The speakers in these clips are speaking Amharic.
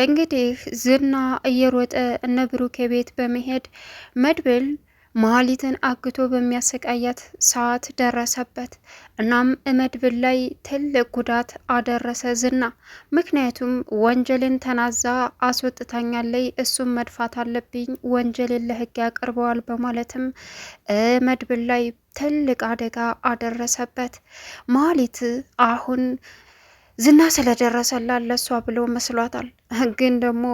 እንግዲህ ዝና እየሮጠ እነ ብሩኬ ቤት በመሄድ መድብል መሀሊትን አግቶ በሚያሰቃያት ሰዓት ደረሰበት። እናም መድብል ላይ ትልቅ ጉዳት አደረሰ ዝና። ምክንያቱም ወንጀልን ተናዛ አስወጥታኛለይ፣ እሱም መድፋት አለብኝ፣ ወንጀልን ለህግ ያቀርበዋል በማለትም መድብል ላይ ትልቅ አደጋ አደረሰበት። መሀሊት አሁን ዝና ስለደረሰላት ለሷ ብሎ መስሏታል። ግን ደግሞ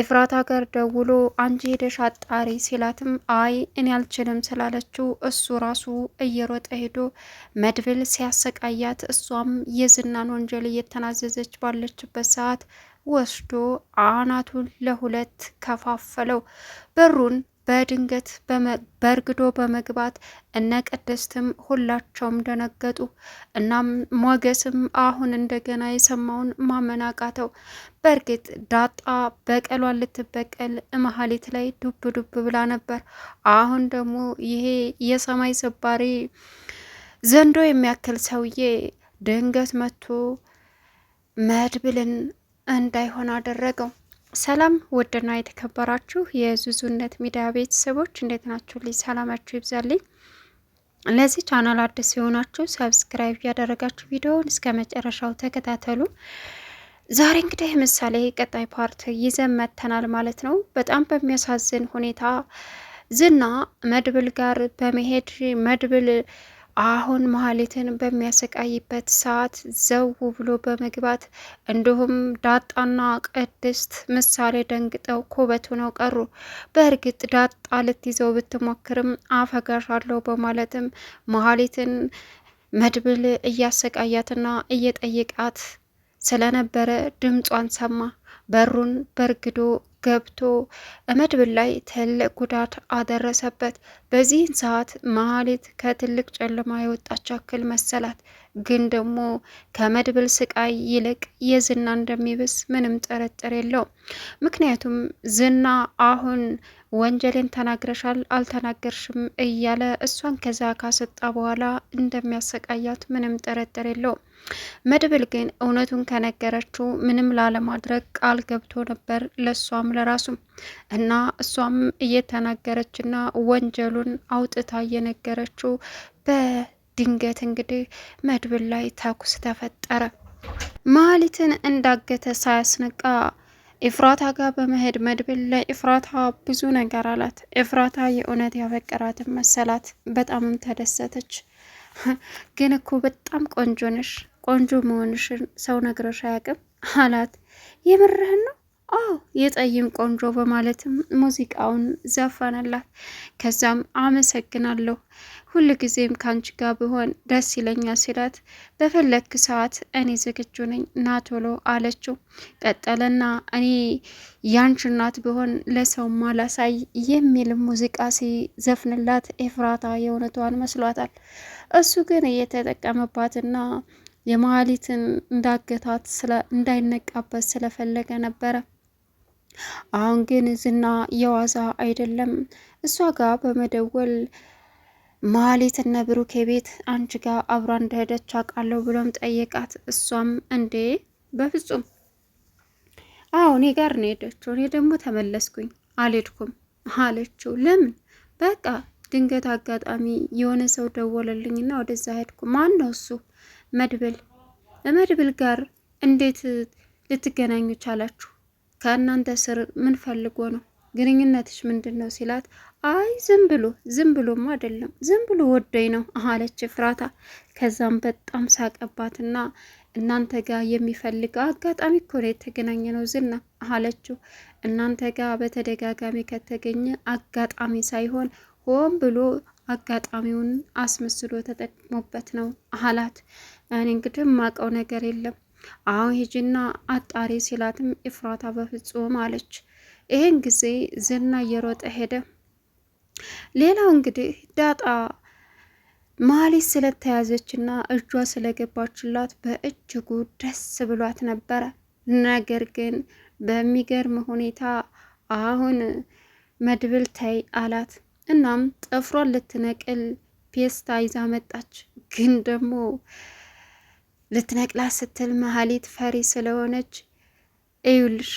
ኤፍራት ሀገር ደውሎ አንቺ ሄደሽ አጣሪ ሲላትም አይ እኔ አልችልም ስላለችው እሱ ራሱ እየሮጠ ሄዶ መድብል ሲያሰቃያት እሷም የዝናን ወንጀል እየተናዘዘች ባለችበት ሰዓት ወስዶ አናቱን ለሁለት ከፋፈለው። በሩን በድንገት በርግዶ በመግባት እነ ቅድስትም ሁላቸውም ደነገጡ። እናም ሞገስም አሁን እንደገና የሰማውን ማመን አቃተው። በእርግጥ ዳጣ በቀሏን ልትበቀል መሀሊት ላይ ዱብ ዱብ ብላ ነበር። አሁን ደግሞ ይሄ የሰማይ ስባሪ ዘንዶ የሚያክል ሰውዬ ድንገት መጥቶ መድብልን እንዳይሆን አደረገው። ሰላም ውድና የተከበራችሁ የዙዙነት ሚዲያ ቤተሰቦች እንዴት ናችሁ? ልጅ ሰላማችሁ ይብዛልኝ። ለዚህ ቻናል አዲስ የሆናችሁ ሰብስክራይብ ያደረጋችሁ ቪዲዮውን እስከ መጨረሻው ተከታተሉ። ዛሬ እንግዲህ ምሳሌ ቀጣይ ፓርት ይዘን መጥተናል ማለት ነው። በጣም በሚያሳዝን ሁኔታ ዝና መድብል ጋር በመሄድ መድብል አሁን መሀሌትን በሚያሰቃይበት ሰዓት ዘው ብሎ በመግባት እንዲሁም ዳጣና ቅድስት ምሳሌ ደንግጠው ኩበት ሆነው ቀሩ። በእርግጥ ዳጣ ልትይዘው ብትሞክርም አፈጋሻለሁ በማለትም መሀሌትን መድብል እያሰቃያትና እየጠየቃት ስለነበረ ድምጿን ሰማ። በሩን በርግዶ ገብቶ መድብል ላይ ትልቅ ጉዳት አደረሰበት። በዚህን ሰዓት መሀሌት ከትልቅ ጨለማ የወጣች ያክል መሰላት። ግን ደግሞ ከመድብል ስቃይ ይልቅ የዝና እንደሚብስ ምንም ጥርጥር የለውም። ምክንያቱም ዝና አሁን ወንጀሌን ተናግረሻል አልተናገርሽም እያለ እሷን ከዛ ካሰጣ በኋላ እንደሚያሰቃያት ምንም ጥርጥር የለውም። መድብል ግን እውነቱን ከነገረችው ምንም ላለማድረግ ቃል ገብቶ ነበር ለእሷም ለራሱም እና እሷም እየተናገረችና ወንጀሉን አውጥታ እየነገረችው በ ድንገት እንግዲህ መድብል ላይ ተኩስ ተፈጠረ። መሀሊትን እንዳገተ ሳያስነቃ ኢፍራታ ጋር በመሄድ መድብል ለኤፍራታ ብዙ ነገር አላት። ኢፍራታ የእውነት ያፈቀራትን መሰላት። በጣምም ተደሰተች። ግን እኮ በጣም ቆንጆ ነሽ፣ ቆንጆ መሆንሽን ሰው ነግሮሽ አያውቅም አላት። የምርህን ነው አዎ የጠይም ቆንጆ በማለትም ሙዚቃውን ዘፈነላት። ከዛም አመሰግናለሁ ጊዜም ከአንቺ ጋር ብሆን ደስ ይለኛ ሲላት፣ በፈለክ ሰዓት እኔ ዝግጁ ነኝ ናቶሎ አለችው። ቀጠለና እኔ ያንቺ እናት ብሆን ለሰው ማላሳይ የሚል ሙዚቃ ሲዘፍንላት ኤፍራታ የእውነቷን መስሏታል። እሱ ግን እየተጠቀመባትና የመሀሊትን እንዳገታት እንዳይነቃበት ስለፈለገ ነበረ። አሁን ግን ዝና የዋዛ አይደለም። እሷ ጋር በመደወል ማሌት እነ ብሩኬ ቤት አንቺ ጋር አብራ እንደሄደች አውቃለሁ ብሎም ጠየቃት። እሷም እንዴ በፍጹም አዎ እኔ ጋር ነው ሄደችው እኔ ደግሞ ተመለስኩኝ አልሄድኩም አለችው። ለምን በቃ ድንገት አጋጣሚ የሆነ ሰው ደወለልኝና ወደዛ ሄድኩ። ማን ነው እሱ? መድብል መድብል ጋር እንዴት ልትገናኙ ቻላችሁ? ከእናንተ ስር ምን ፈልጎ ነው ግንኙነትሽ ምንድን ነው ሲላት፣ አይ ዝም ብሎ ዝም ብሎም አይደለም ዝም ብሎ ወደኝ ነው አለች ፍራታ። ከዛም በጣም ሳቀባትና እናንተ ጋር የሚፈልገው አጋጣሚ እኮ ነው የተገናኘ ነው ዝና አለችው። እናንተ ጋር በተደጋጋሚ ከተገኘ አጋጣሚ ሳይሆን ሆን ብሎ አጋጣሚውን አስመስሎ ተጠቅሞበት ነው አላት። እኔ እንግዲህ ማቀው ነገር የለም አዎ ሂጂና አጣሪ ሲላትም እፍራታ በፍጹም አለች። ይሄን ጊዜ ዝና እየሮጠ ሄደ። ሌላው እንግዲህ ዳጣ ማሊት ስለተያዘችና እጇ ስለገባችላት በእጅጉ ደስ ብሏት ነበረ። ነገር ግን በሚገርም ሁኔታ አሁን መድብል ታይ አላት። እናም ጥፍሯን ልትነቅል ፔስታ ይዛ መጣች። ግን ደግሞ ልትነቅላት ስትል መሀሊት ፈሪ ስለሆነች እዩልሽ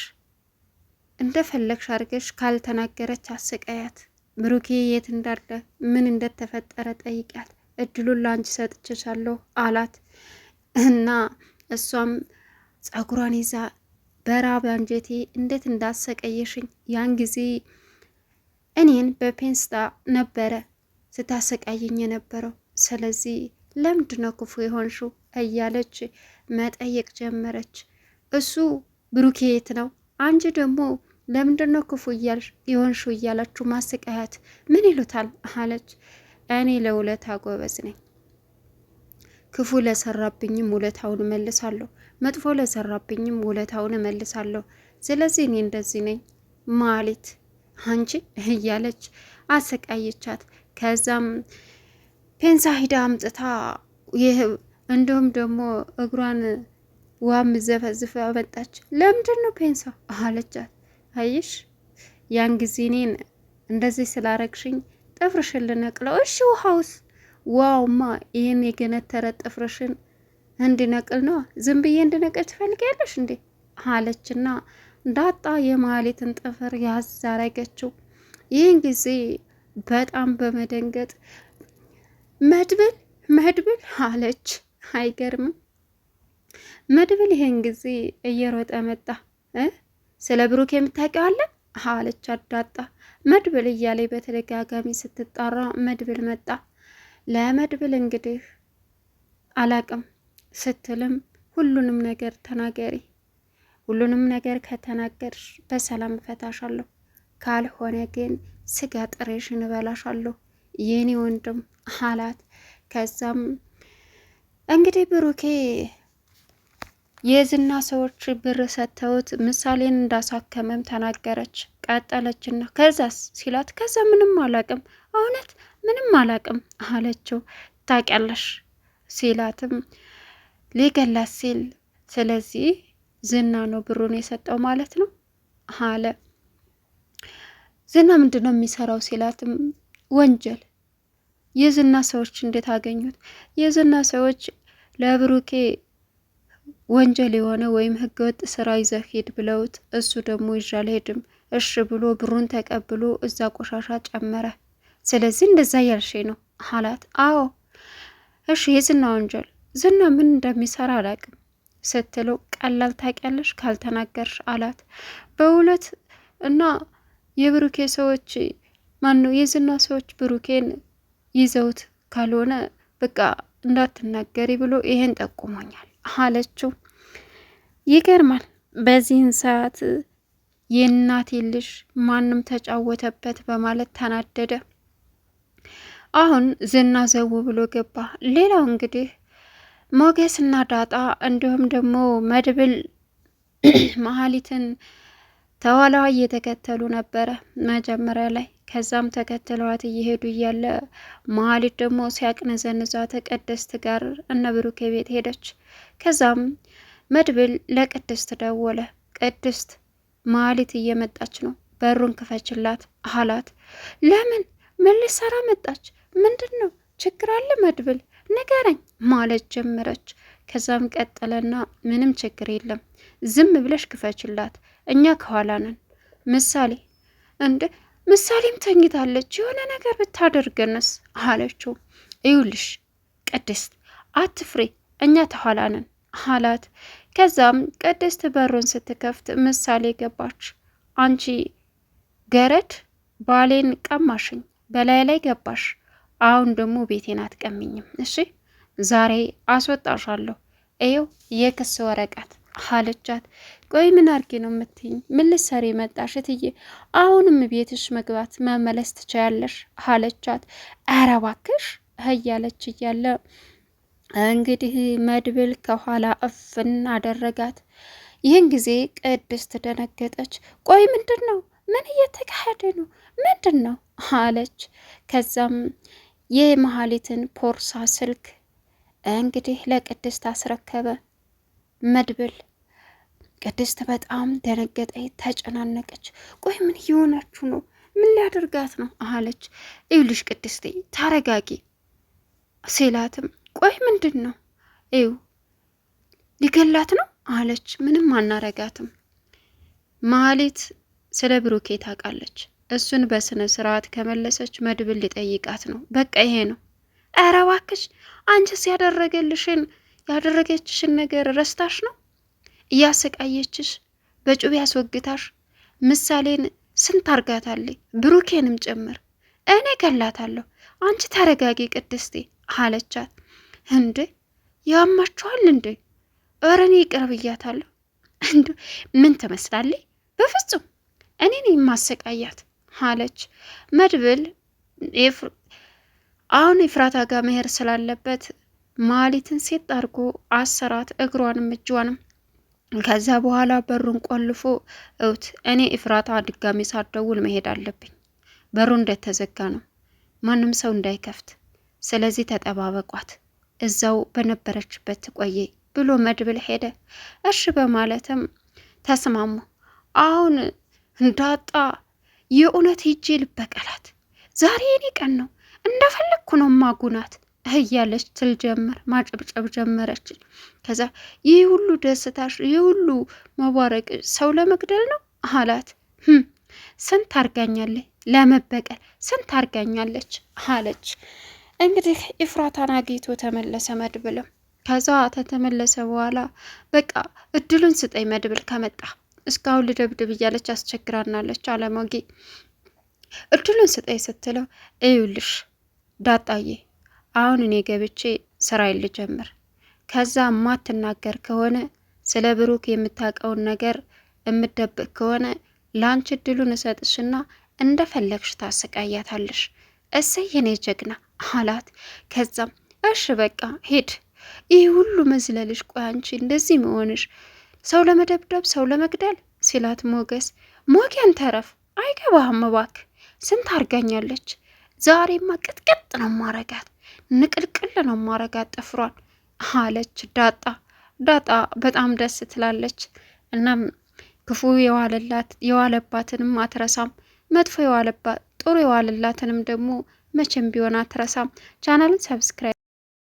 እንደፈለግሽ አድርገሽ ካልተናገረች አሰቃያት። ብሩኬ የት እንዳለ ምን እንደተፈጠረ ጠይቂያት፣ እድሉን ለአንቺ ሰጥቼሻለሁ አላት እና እሷም ጸጉሯን ይዛ በራብ አንጀቴ እንዴት እንዳሰቀየሽኝ ያን ጊዜ እኔን በፔንስታ ነበረ ስታሰቃየኝ የነበረው። ስለዚህ ለምንድነው ነው ክፉ የሆንሽው? እያለች መጠየቅ ጀመረች። እሱ ብሩኬ የት ነው? አንቺ ደግሞ ለምንድነው ነው ክፉ የሆንሽው? እያላችሁ ማሰቃያት ምን ይሉታል አለች። እኔ ለውለታ ጎበዝ ነኝ። ክፉ ለሰራብኝም ውለታውን እመልሳለሁ፣ መጥፎ ለሰራብኝም ውለታውን እመልሳለሁ። ስለዚህ እኔ እንደዚህ ነኝ ማሌት አንቺ እያለች አሰቃየቻት። ከዛም ፔንሳ ሂዳ አምጥታ ይህ እንዲሁም ደግሞ እግሯን ዋም ዘፈዝፈ አመጣች። ለምንድን ነው ፔንሳ አለቻት። አይሽ ያን ጊዜ እኔን እንደዚህ ስላረግሽኝ ጥፍርሽን ልነቅለው። እሺ ውሃውስ? ዋውማ ይህን የገነተረ ጥፍርሽን እንድነቅል ነው ዝም ብዬ እንድነቅል ትፈልጊያለሽ እንዴ? አለችና ዳጣ የማህሌትን ጥፍር ያዝ አረገችው። ይህን ጊዜ በጣም በመደንገጥ መድብል መድብል አለች። አይገርምም? መድብል ይሄን ጊዜ እየሮጠ መጣ። ስለ ብሩክ የምታውቂው አለ አለች አዳጣ። መድብል እያለ በተደጋጋሚ ስትጣራ መድብል መጣ። ለመድብል እንግዲህ አላቅም ስትልም ሁሉንም ነገር ተናገሪ፣ ሁሉንም ነገር ከተናገርሽ በሰላም እፈታሻለሁ፣ ካልሆነ ግን ስጋ ጥሬሽን እበላሻለሁ የኔ ወንድም አላት። ከዛም እንግዲህ ብሩኬ የዝና ሰዎች ብር ሰጥተውት ምሳሌን እንዳሳከመም ተናገረች። ቀጠለችና ከዛስ ሲላት ከዛ ምንም አላቅም እውነት ምንም አላቅም አለችው። ታውቂያለሽ ሲላትም ሊገላት ሲል ስለዚህ ዝና ነው ብሩን የሰጠው ማለት ነው አለ። ዝና ምንድን ነው የሚሰራው ሲላትም ወንጀል የዝና ሰዎች እንዴት አገኙት? የዝና ሰዎች ለብሩኬ ወንጀል የሆነ ወይም ህገወጥ ስራ ይዘህ ሂድ ብለውት እሱ ደግሞ ይዤ አልሄድም እሺ ብሎ ብሩን ተቀብሎ እዛ ቆሻሻ ጨመረ። ስለዚህ እንደዛ ያልሽ ነው አላት። አዎ እሺ፣ የዝና ወንጀል ዝና ምን እንደሚሰራ አላቅም ስትለው ቀላል ታውቂያለሽ ካልተናገርሽ አላት። በእውነት እና የብሩኬ ሰዎች ነው የዝና ሰዎች ብሩኬን ይዘውት ካልሆነ በቃ እንዳትናገሪ ብሎ ይሄን ጠቁሞኛል አለችው። ይገርማል። በዚህን ሰዓት የእናቴ ልጅ ማንም ተጫወተበት በማለት ተናደደ። አሁን ዝና ዘው ብሎ ገባ። ሌላው እንግዲህ ሞገስና ዳጣ እንዲሁም ደግሞ መድብል መሀሊትን ተኋላዋ እየተከተሉ ነበረ መጀመሪያ ላይ ከዛም ተከትለዋት እየሄዱ እያለ መሀሊት ደግሞ ሲያቅነዘንዛ ተቀደስት ጋር እነ ብሩኬ ቤት ሄደች። ከዛም መድብል ለቅድስት ደወለ። ቅድስት መሀሊት እየመጣች ነው፣ በሩን ክፈችላት አላት። ለምን ምን መጣች? ምንድን ነው ችግር አለ መድብል ንገረኝ ማለት ጀመረች። ከዛም ቀጠለና ምንም ችግር የለም ዝም ብለሽ ክፈችላት፣ እኛ ከኋላ ነን። ምሳሌ እንደ ምሳሌም ተኝታለች፣ የሆነ ነገር ብታደርገንስ አለችው። እዩልሽ ቅድስት አትፍሬ፣ እኛ ተኋላ ነን አላት። ከዛም ቅድስት በሩን ስትከፍት ምሳሌ ገባች። አንቺ ገረድ ባሌን ቀማሽኝ፣ በላይ ላይ ገባሽ። አሁን ደግሞ ቤቴን አትቀምኝም፣ እሺ ዛሬ አስወጣሻለሁ። እየው የክስ ወረቀት አለቻት። ቆይ ምን አድርጌ ነው የምትይኝ? ምን ልትሰሪ መጣሽ እትዬ? አሁንም ቤትሽ መግባት መመለስ ትችያለሽ አለቻት። ኧረ እባክሽ እያለች እያለ እንግዲህ መድብል ከኋላ እፍን አደረጋት። ይህን ጊዜ ቅድስት ደነገጠች። ቆይ ምንድን ነው? ምን እየተካሄደ ነው? ምንድን ነው አለች። ከዛም የመሀሊትን ፖርሳ ስልክ እንግዲህ ለቅድስት አስረከበ መድብል ቅድስት በጣም ደነገጠች፣ ተጨናነቀች። ቆይ ምን እየሆናችሁ ነው? ምን ሊያደርጋት ነው አለች። ይኸውልሽ ቅድስት ታረጋጊ ሲላትም ቆይ ምንድን ነው ይው ሊገላት ነው አለች። ምንም አናረጋትም። ማሊት ስለ ብሩኬ ታውቃለች። እሱን በስነ ስርዓት ከመለሰች መድብል ሊጠይቃት ነው። በቃ ይሄ ነው። ኧረ እባክሽ አንቺስ ያደረገልሽን ያደረገችሽን ነገር ረስታሽ ነው እያሰቃየችሽ በጩቤ ያስወግታሽ። ምሳሌን ስንት አርጋታለች፣ ብሩኬንም ጭምር እኔ ገላታለሁ። አንቺ ተረጋጊ ቅድስቴ አለቻት። እንዴ ያማችኋል እንዴ? ኧረ እኔ እንዱ ምን ትመስላለች? በፍጹም እኔን የማሰቃያት አለች። መድብል አሁን የፍራታ ጋር መሄድ ስላለበት ማሊትን ሴት አድርጎ አሰራት፣ እግሯንም እጇንም ከዛ በኋላ በሩን ቆልፎ እውት እኔ እፍራታ ድጋሚ ሳደውል መሄድ አለብኝ። በሩ እንደተዘጋ ነው፣ ማንም ሰው እንዳይከፍት። ስለዚህ ተጠባበቋት፣ እዛው በነበረችበት ትቆየ ብሎ መድብል ሄደ። እሺ በማለትም ተስማሙ። አሁን እንዳጣ የእውነት ሂጄ ልበቀላት። ዛሬ የኔ ቀን ነው፣ እንደፈለግኩ ነው ማጉናት እያለች ትል ጀመር ማጨብጨብ ጀመረች። ከዛ ይህ ሁሉ ደስታሽ፣ ይህ ሁሉ መቧረቅ ሰው ለመግደል ነው አላት። ስንት አርጋኛለች፣ ለመበቀል ስንት አርጋኛለች አለች። እንግዲህ ኢፍራታን አግኝቶ ተመለሰ መድብልም። ከዛ ተተመለሰ በኋላ በቃ እድሉን ስጠኝ መድብል ከመጣ እስካሁን ልደብድብ እያለች አስቸግራናለች አለሞጌ እድሉን ስጠኝ ስትለው እዩልሽ ዳጣዬ አሁን እኔ ገብቼ ስራዬን ልጀምር። ከዛ ማትናገር ከሆነ ስለ ብሩክ የምታውቀውን ነገር እምደብቅ ከሆነ ላንች እድሉን እሰጥሽና እንደፈለግሽ ታሰቃያታለሽ። እሰይ የኔ ጀግና አላት። ከዛም እሺ በቃ ሂድ። ይህ ሁሉ መዝለልሽ፣ ቆይ አንቺ እንደዚህ መሆንሽ ሰው ለመደብደብ ሰው ለመግደል ሲላት ሞገስ ሞጌን ተረፍ አይገባህም እባክህ ስንት አርጋኛለች። ዛሬማ ቅጥቅጥ ነው ማረጋት ንቅልቅል ነው ማረጋ ጥፍሯን አለች ዳጣ። ዳጣ በጣም ደስ ትላለች። እናም ክፉ የዋለላት የዋለባትንም አትረሳም፣ መጥፎ የዋለባት ጥሩ የዋለላትንም ደግሞ መቼም ቢሆን አትረሳም። ቻናልን ሰብስክራይብ